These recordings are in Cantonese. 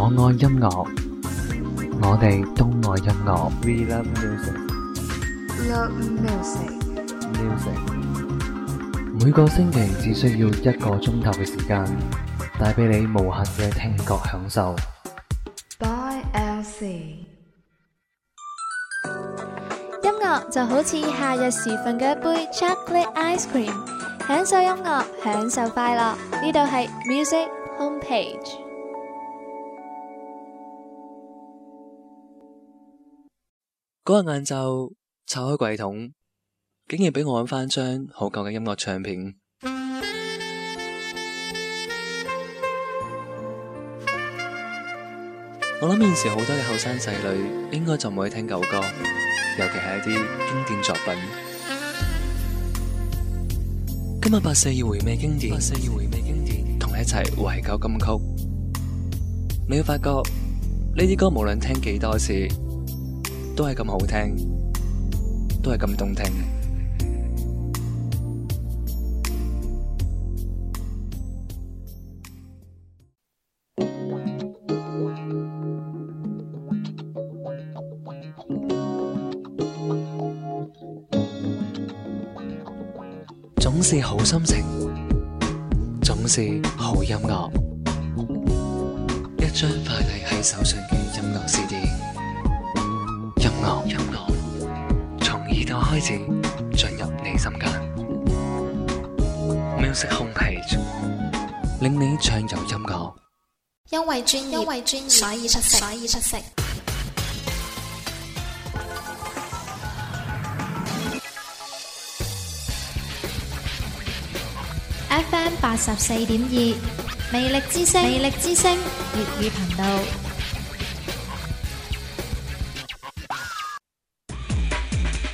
我愛音樂，我哋都愛音樂。We love music，love music music。每個星期只需要一個鐘頭嘅時間，帶俾你無限嘅聽覺享受。音樂就好似夏日時分嘅一杯 chocolate ice cream，享受音樂，享受快樂。呢度係 music homepage。嗰日晏晝拆開櫃桶，竟然俾我搵返張好舊嘅音樂唱片。 我諗現時好多嘅後生仔女應該就唔會聽舊歌，尤其係一啲經典作品。今日八四要回味經典，八四要回味經典，同你一齊懷舊金曲。 你會發覺呢啲歌無論聽幾多次，都係咁好聽，都係咁動聽。總是好心情，總是好音樂。一張快遞喺手上嘅音樂 CD。音樂從耳朵開始進入你心間，秒識空隙，令你暢遊音樂。因為專業，因為專業，所以出色，所以出色。FM 八十四點二，魅力之聲，魅力之聲粵語頻道。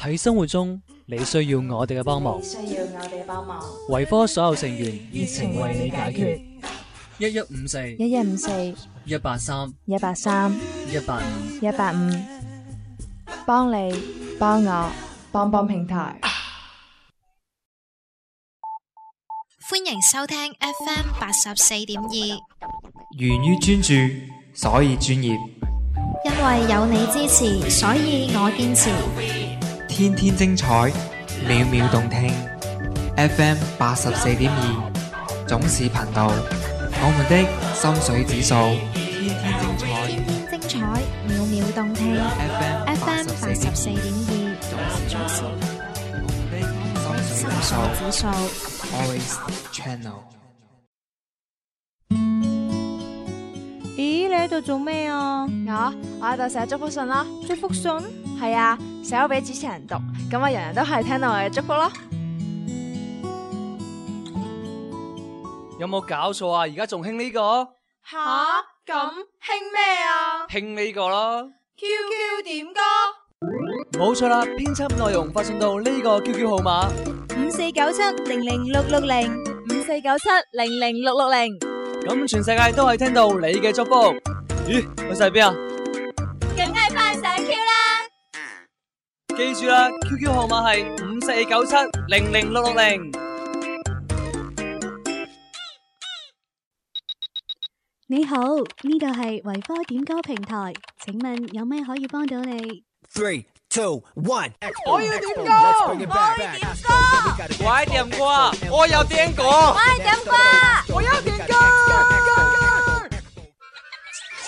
喺生活中，你需要我哋嘅幫忙。需要我哋嘅幫忙。維科所有成員熱情為你解決。一一五四一一五四一八三一八三一八五一八五，幫你幫我幫幫平台。歡迎收聽 FM 八十四點二。源於專注，所以專業。因為有你支持，所以我堅持。天天精彩，秒秒動聽。FM 八十四點二，總是頻道。我們的心水指數。天天精彩，秒秒動聽。FM FM 八十四點二，總是總是。我們的心水指數。Always Channel。咦，你喺度做咩啊？我我喺度寫祝福信啦，祝福信係啊，寫咗俾主持人讀，咁啊，人人都係聽到我嘅祝福咯。有冇搞錯啊？而家仲興呢個？吓，咁興咩啊？興呢個咯。QQ 點歌？冇錯啦，編輯內容發送到呢個 QQ 號碼：五四九七零零六六零，五四九七零零六六零。咁全世界都係聽到你嘅祝福。咦，去晒邊啊？梗係翻上 Q 啦！記住啦，QQ 號碼係五四九七零零六六零。你好，呢度係維科點歌平台，請問有咩可以幫到你？Three, two, one，我要點歌，我要點歌，我要點歌，我要點歌，我要點歌。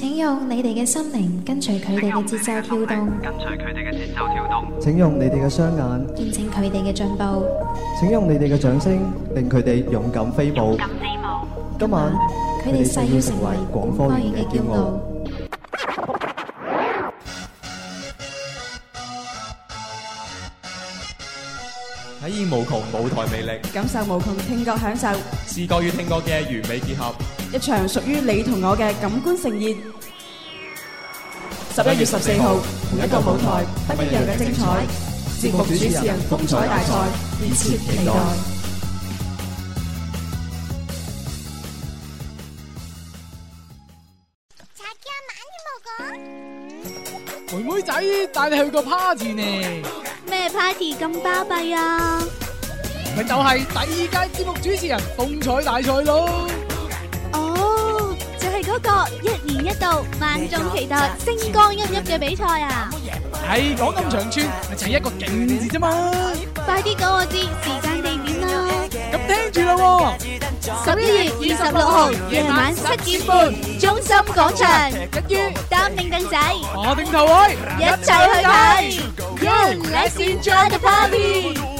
請用你哋嘅心靈跟隨佢哋嘅節奏跳動，跟隨佢哋嘅節奏跳動。請用你哋嘅雙眼見證佢哋嘅進步。請用你哋嘅掌聲令佢哋勇敢飛舞。今晚佢哋誓要成為廣科院嘅驕傲，體驗無窮舞台魅力，感受無窮聽覺享受，視覺與聽覺嘅完美結合。一場屬於你同我嘅感官盛宴，十一月十四號，同一個舞台，不一樣嘅精彩。節目主持人風采大賽，熱切期待。妹妹仔帶你去個 party 呢？咩 party 咁巴閉啊？咪就係第二屆節目主持人風采大賽咯！嗰個一年一度萬眾期待星光熠熠嘅比賽啊！喺講咁長串，就一個景字啫嘛！快啲講我知時間地點啦！咁聽住啦，十一月二十六號夜晚七點半，中心廣場一於，擔定凳仔，下定頭位，一齊去睇，Yo！Let's enjoy the party！